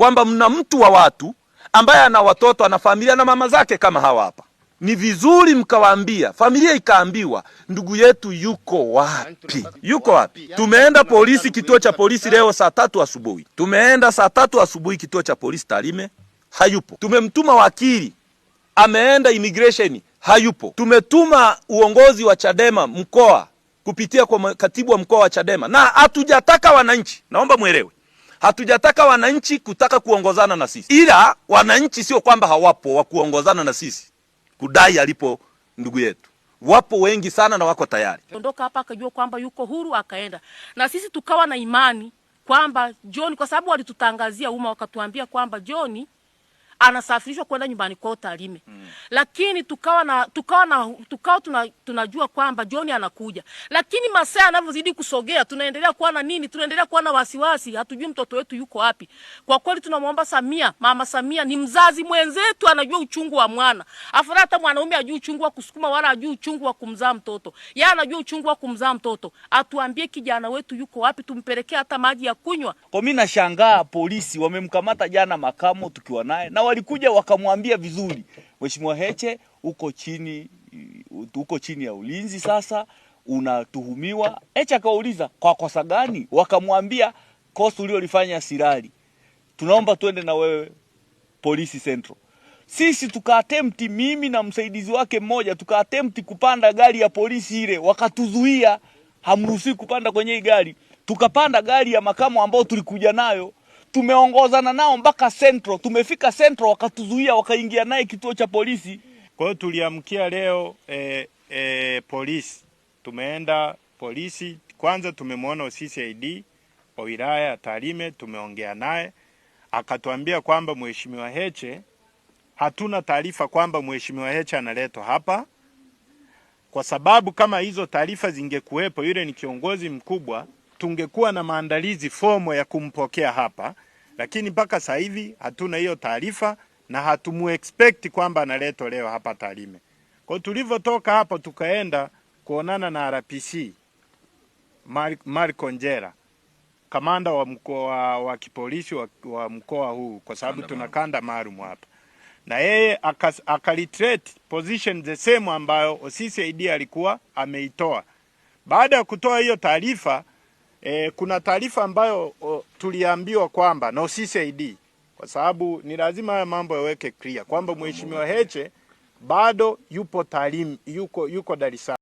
kwamba mna mtu wa watu ambaye ana watoto ana familia na mama zake kama hawa hapa. Ni vizuri mkawaambia, familia ikaambiwa ndugu yetu yuko wapi, yuko wapi. Tumeenda polisi, kituo cha polisi leo saa tatu asubuhi, tumeenda saa tatu asubuhi kituo cha polisi Tarime, hayupo. Tumemtuma wakili, ameenda immigration, hayupo. Tumetuma uongozi wa Chadema mkoa kupitia kwa katibu wa mkoa wa Chadema, na hatujataka wananchi, naomba mwelewe Hatujataka wananchi kutaka kuongozana na sisi, ila wananchi sio kwamba hawapo wa kuongozana na sisi kudai alipo ndugu yetu, wapo wengi sana na wako tayari. Ondoka hapa akajua kwamba yuko huru, akaenda na sisi tukawa na imani kwamba John, kwa sababu walitutangazia umma wakatuambia kwamba John anasafirishwa kwenda nyumbani kwao Tarime mm. Lakini tukawa na tukawa na tukawa tuna, tunajua kwamba John anakuja, lakini masaa yanavyozidi kusogea tunaendelea kuwa na nini, tunaendelea kuwa na wasiwasi, hatujui mtoto wetu yuko wapi. Kwa kweli tunamwomba Samia, mama Samia ni mzazi mwenzetu, anajua uchungu wa mwana, afadhali hata mwanaume ajui uchungu wa kusukuma wala ajui uchungu wa kumzaa mtoto, yeye anajua uchungu wa kumzaa mtoto. Atuambie kijana wetu yuko wapi, tumpelekee hata maji ya kunywa. Kwa mimi nashangaa polisi wamemkamata jana makamo tukiwa naye na walikuja wakamwambia vizuri, Mheshimiwa Heche, uko chini, uko chini ya ulinzi sasa unatuhumiwa. Heche akawauliza kwa kosa gani? Wakamwambia kosa uliolifanya sirali, tunaomba tuende na wewe polisi central. Sisi tukaatemti, mimi na msaidizi wake mmoja, tukaatemti kupanda gari ya polisi ile, wakatuzuia, hamruhusi kupanda kwenye hii gari. Tukapanda gari ya makamo ambao tulikuja nayo tumeongozana nao mpaka Central, tumefika Central wakatuzuia, wakaingia naye kituo cha polisi. Kwa hiyo tuliamkia leo eh, eh, polisi tumeenda polisi, kwanza tumemwona CID wa wilaya ya Tarime, tumeongea naye akatuambia kwamba mheshimiwa Heche, hatuna taarifa kwamba mheshimiwa Heche analetwa hapa, kwa sababu kama hizo taarifa zingekuwepo, yule ni kiongozi mkubwa tungekuwa na maandalizi fomo ya kumpokea hapa, lakini mpaka sasa hivi hatuna hiyo taarifa na expect kwamba analetwa leo hapa Tarime. Kwa hiyo tulivyotoka hapo tukaenda kuonana na RPC Marco Njera, kamanda wa mkoa wa kipolisi wa, wa mkoa huu, kwa sababu tuna kanda maalum hapa, na yeye aka position the same ambayo OCCID alikuwa ameitoa. Baada ya kutoa hiyo taarifa, E, kuna taarifa ambayo o, tuliambiwa kwamba na CCID, kwa sababu ni lazima haya mambo yaweke clear kwamba Mheshimiwa Heche bado yupo talim, yuko, yuko Dar es Salaam.